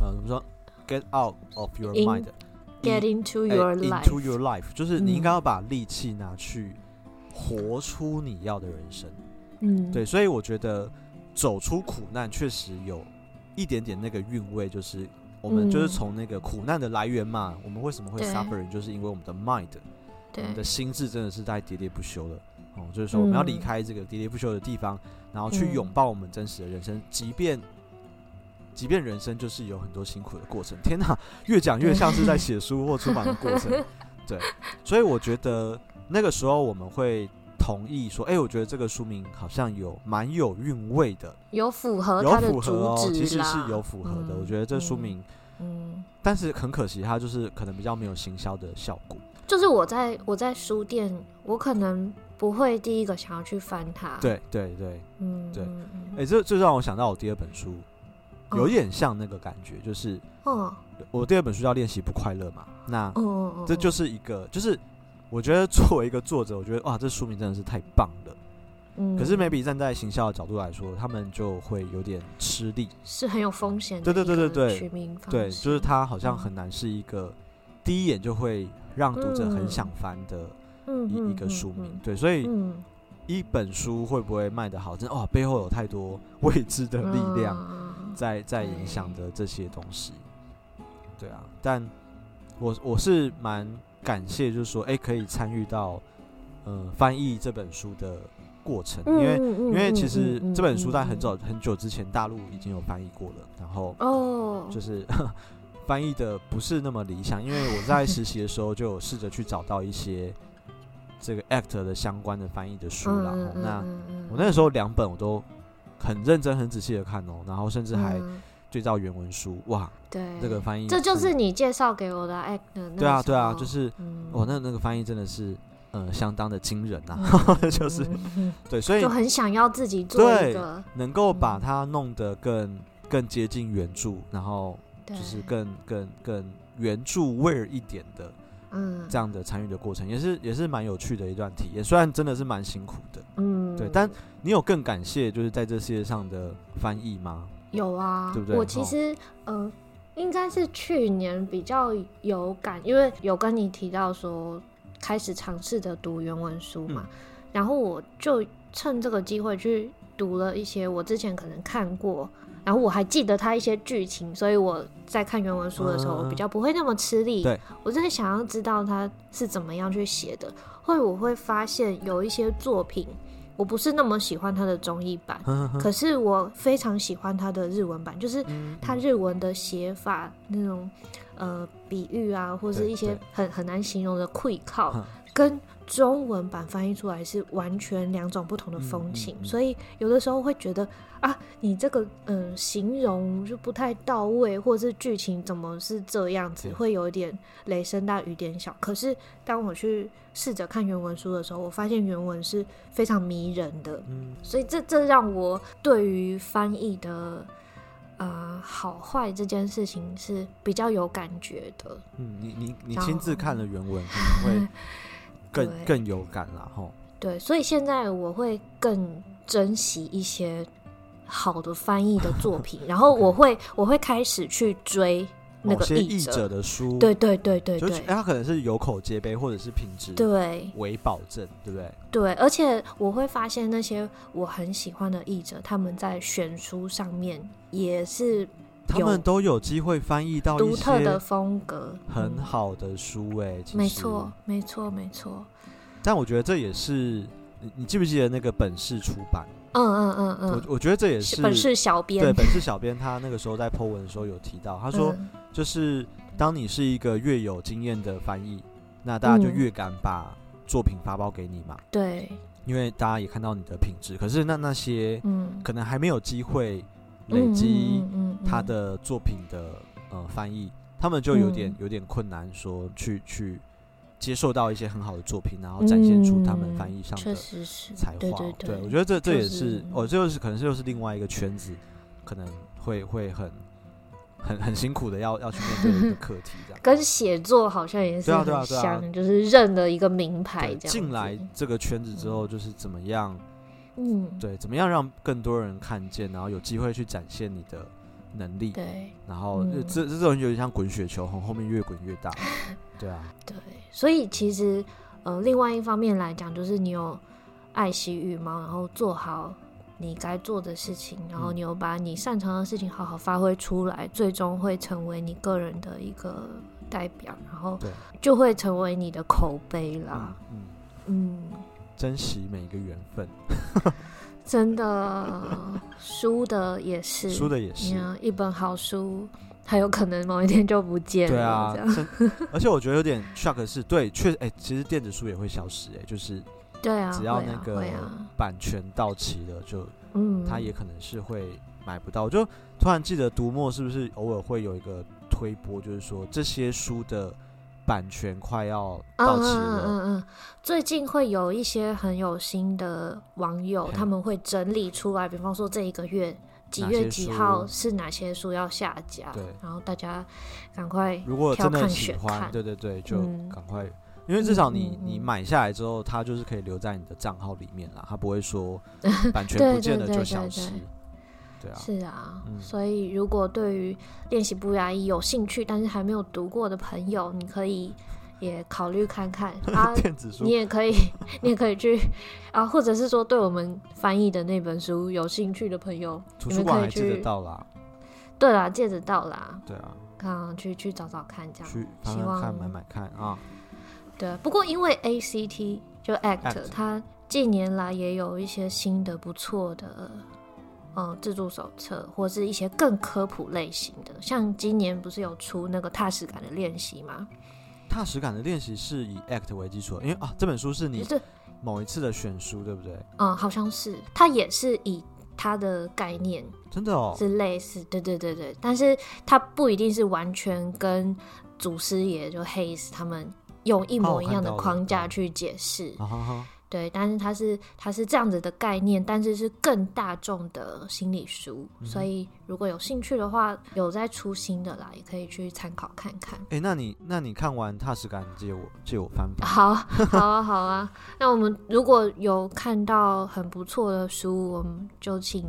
呃、嗯，怎麼說？Get out of your mind，Get in, into your into your life，, in, into your life、嗯、就是你應該要把力氣拿去活出你要的人生，嗯，對，所以我覺得。走出苦難確實有一點點那個韻味，就是我們就是從那個苦難的來源嘛，嗯、我們為什麼會 suffer，人就是因為我們的 mind，對，我們的心智真的是在喋喋不休的。哦、嗯嗯，就是說我們要離開這個喋喋不休的地方，然後去擁抱我們真實的人生，嗯、即便即便人生就是有很多辛苦的過程，天哪，越講越像是在寫書或出版的過程，對,對, 對，所以我覺得那個時候我們會。同意說，哎、欸，我覺得這個書名好像有蠻有韻味的，有符合它的主旨，有符合哦，其實是有符合的。嗯、我覺得這書名嗯，嗯，但是很可惜，它就是可能比較沒有行銷的效果。就是我在我在書店，我可能不會第一個想要去翻它。對對對，嗯對。哎、欸，這這讓我想到我第二本書，有一點像那個感覺，哦、就是哦，我第二本書叫《練習不快樂》嘛，那哦哦哦這就是一個就是。我覺得作為一個作者，我覺得哇，這書名真的是太棒了。嗯、可是每 a 站在行銷的角度來說，他們就會有點吃力，是很有風險。對對對對對，取名方對，就是它好像很難是一個、嗯、第一眼就會讓讀者很想翻的，一、嗯、一個書名。嗯、哼哼哼對，所以、嗯、一本書會不會賣得好，真的哇，背後有太多未知的力量在、嗯、在，在影響着這些東西。對，對啊，但我我是蠻。感謝，就是說，哎、欸，可以參與到，呃，翻譯這本書的過程，因為，因為其實這本書在很早很久之前大陸已經有翻譯過了，然後哦，就是翻譯的不是那麼理想，因為我在實習的時候就有試着去找到一些這個 act 的相關的翻譯的書了，那我那個時候兩本我都很認真、很仔細的看哦、喔，然後甚至還。嗯對照原文書哇，對這個翻譯，這就是你介紹給我的哎，對啊對啊，就是哦、嗯，那那個翻譯真的是呃相當的驚人啊，嗯、 就是、嗯、對，所以就很想要自己做一個對能夠把它弄得更更接近原著，然後就是更、嗯、更更原著味兒一點的，嗯，這樣的參與的過程也是也是蠻有趣的一段體驗，也雖然真的是蠻辛苦的，嗯，對，但你有更感謝就是在這世界上的翻譯嗎？有啊對對，我其實，哦、呃、應該是去年比較有感，因為有跟你提到說開始嘗試着讀原文書嘛、嗯，然後我就趁這個機會去讀了一些我之前可能看過，然後我還記得他一些劇情，所以我在看原文書的時候、啊、我比較不會那麼吃力。我真的想要知道他是怎麼樣去寫的，或者我會發現有一些作品。我不是那麼喜歡他的綜藝版中譯版，呵呵呵，可是我非常喜歡他的日文版，就是他日文的寫法、嗯、那種呃比喻啊，或者是一些很對對對很難形容的潰靠跟。中文版翻譯出來是完全兩種不同的風情、嗯嗯嗯，所以有的時候會覺得啊，你這個嗯形容就不太到位，或是劇情怎麼是這樣子，嗯、會有點雷聲大雨點小。可是當我去試着看原文書的時候，我發現原文是非常迷人的，嗯、所以這這讓我對於翻譯的、呃、好壞這件事情是比較有感覺的。嗯，你你你親自看了原文，可能會。 更更有感啦對，所以現在我會更珍惜一些好的翻譯的作品， 然後我會 我會開始去追那個譯者,某些譯者的書。對對對對對,對、欸，他可能是有口皆碑，或者是品質對為保證，對不對？對，而且我會發現那些我很喜歡的譯者，他們在選書上面也是。他們都有機會翻譯到獨、欸、特的風格，很好的書，哎，沒錯，沒錯，沒錯。但我覺得這也是你，記不記得那個本事出版？嗯嗯嗯嗯我。我覺得這也是本事小編，對，本事小編他那個時候在 Po 文的時候有提到，他說就是當你是一個越有經驗的翻譯、嗯，那大家就越敢把作品發包給你嘛。嗯、對，因為大家也看到你的品質。可是那那些嗯，可能還沒有機會。累積他的作品的呃翻譯，他們就有點有點困難，說去去接受到一些很好的作品，然後展現出他們翻譯上的才華、嗯。對，我覺得這、就是、這也是哦，這就是可能是又是另外一個圈子，可能會會很很很辛苦的要要去面對的一個課題，這樣跟寫作好像也是很像。對啊對啊對啊，就是認了一個名牌進來這個圈子之後就是怎麼樣。嗯，對，怎麼樣讓更多人看見，然後有機會去展現你的能力，對，然後、嗯、這這種有點像滾雪球，然後後面越滾越大，對啊，對，所以其實呃，另外一方面來講，就是你有愛惜羽毛，然後做好你該做的事情，然後你有把你擅長的事情好好發揮出來，嗯、最終會成為你個人的一個代表，然後就會成為你的口碑啦，嗯。嗯嗯珍惜每一個緣分，真的，書的也是，書的也是，一本好書還有可能某一天就不見了。對啊，而且我覺得有點 shock 是對，確實，哎、欸，其實電子書也會消失、欸，哎，就是對啊，只要那個、啊啊啊、版權到期了，就嗯，他也可能是會買不到。就突然記得讀墨是不是偶爾會有一個推播，就是說這些書的。版權快要到期了，嗯、啊、嗯、啊啊啊，最近會有一些很有心的網友，他們會整理出來，比方說這一個月幾月幾號、幾號是哪些書要下架，對，然後大家趕快挑看，如果真的喜歡選看，對對對，就趕快、嗯，因為至少你你買下來之後、嗯嗯，它就是可以留在你的賬號裡面了，它不會說版權不見得就消失。 對對對對對對啊是啊、嗯，所以如果對於練習不壓抑有興趣，但是還沒有讀過的朋友，你可以也考慮看看啊。 電子書，你也可以， 你也可以去啊，或者是說對我們翻譯的那本書有興趣的朋友，啦你們可以去到啦。對啦，借得到啦。對啊，看、啊、去去找找看，這樣希望買買看啊。對，不過因為 ACT 就 ACT，, Act 它近年來也有一些新的不錯的。嗯，自助手冊或是一些更科普類型的，像今年不是有出那個踏實感的練習嗎？踏實感的練習是以 ACT 為基礎，因為啊，這本書是你某一次的選書、就是，對不對？嗯，好像是，它也是以它的概念，真的，哦，是類似，對對對對，但是它不一定是完全跟祖師爺就 Hayes 他們用一模一樣的框架去解釋。啊對，但是它是它是這樣子的概念，但是是更大眾的心理書，嗯，所以如果有興趣的話，有在出新的啦，也可以去參考看看。誒、欸，那你那你看完踏實感借我借我翻。好，好啊，好啊。 那我們如果有看到很不錯的書，我們就請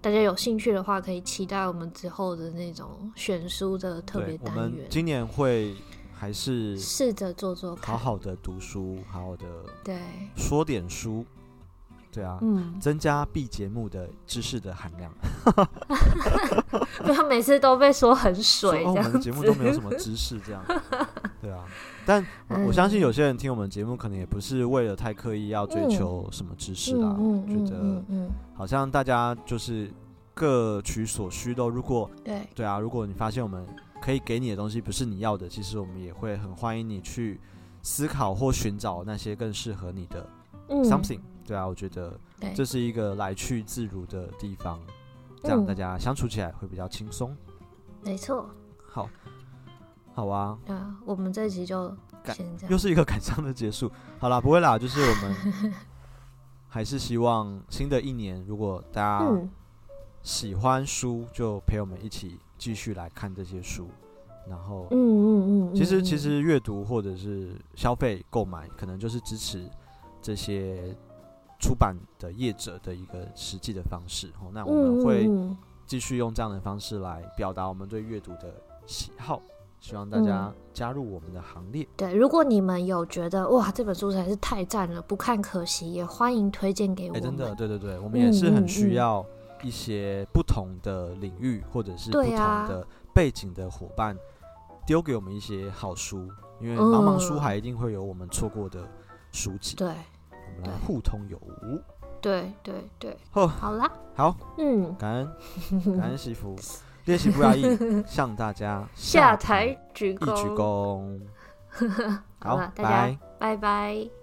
大家有興趣的話，可以期待我們之後的那種選書的特別單元。我們今年會。還是試着做做，好好的讀書，做做好好的，對，說點書，對，對啊，嗯，增加 B 節目的知識的含量。哈因為他每次都被說很、哦、水， 我們的節目都沒有什麼知識，這樣。 對啊，但、嗯、我相信有些人聽我們節目，可能也不是為了太刻意要追求什麼知識啦、啊嗯，覺得，嗯，好像大家就是各取所需都，如果對，對啊，如果你發現我們。可以給你的東西不是你要的，其實我們也會很歡迎你去思考或尋找那些更適合你的 something、嗯。對啊，我覺得這是一個來去自如的地方、嗯，這樣大家相處起來會比較輕鬆。沒錯。好。好啊。啊我們這一集就感，又是一個感傷的結束。好啦，不會啦，就是我們還是希望新的一年，如果大家喜歡書，就陪我們一起。繼續來看這些書，然後嗯嗯嗯，其實其實閱讀或者是消費購買，可能就是支持這些出版的業者的一個實際的方式。那我們會繼續用這樣的方式來表達我們對閱讀的喜好，希望大家加入我們的行列。嗯、對，如果你們有覺得哇這本書實在是太讚了，不看可惜，也歡迎推薦給我們。哎、欸，真的，對對對，我們也是很需要。嗯嗯嗯一些不同的領域，或者是不同的背景的夥伴，丟、啊、給我們一些好書，因為茫茫書海一定會有我們錯過的書籍。對、嗯，我們來互通有無。對對對好，好啦，好，嗯，感恩，嗯、感恩惜福， 練習不壓抑， 向大家下台，下台鞠躬，一鞠躬， 好，好、Bye，拜拜拜拜。